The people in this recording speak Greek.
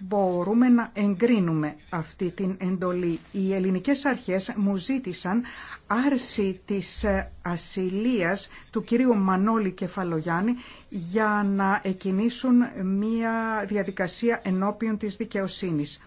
μπορούμε να εγκρίνουμε αυτή την εντολή. Οι ελληνικές αρχές μου ζήτησαν άρση της ε, ασυλίας του κυρίου Μανώλη Κεφαλογιάννη για να εκινήσουν μια διαδικασία ενώπιον της δικαιοσύνης.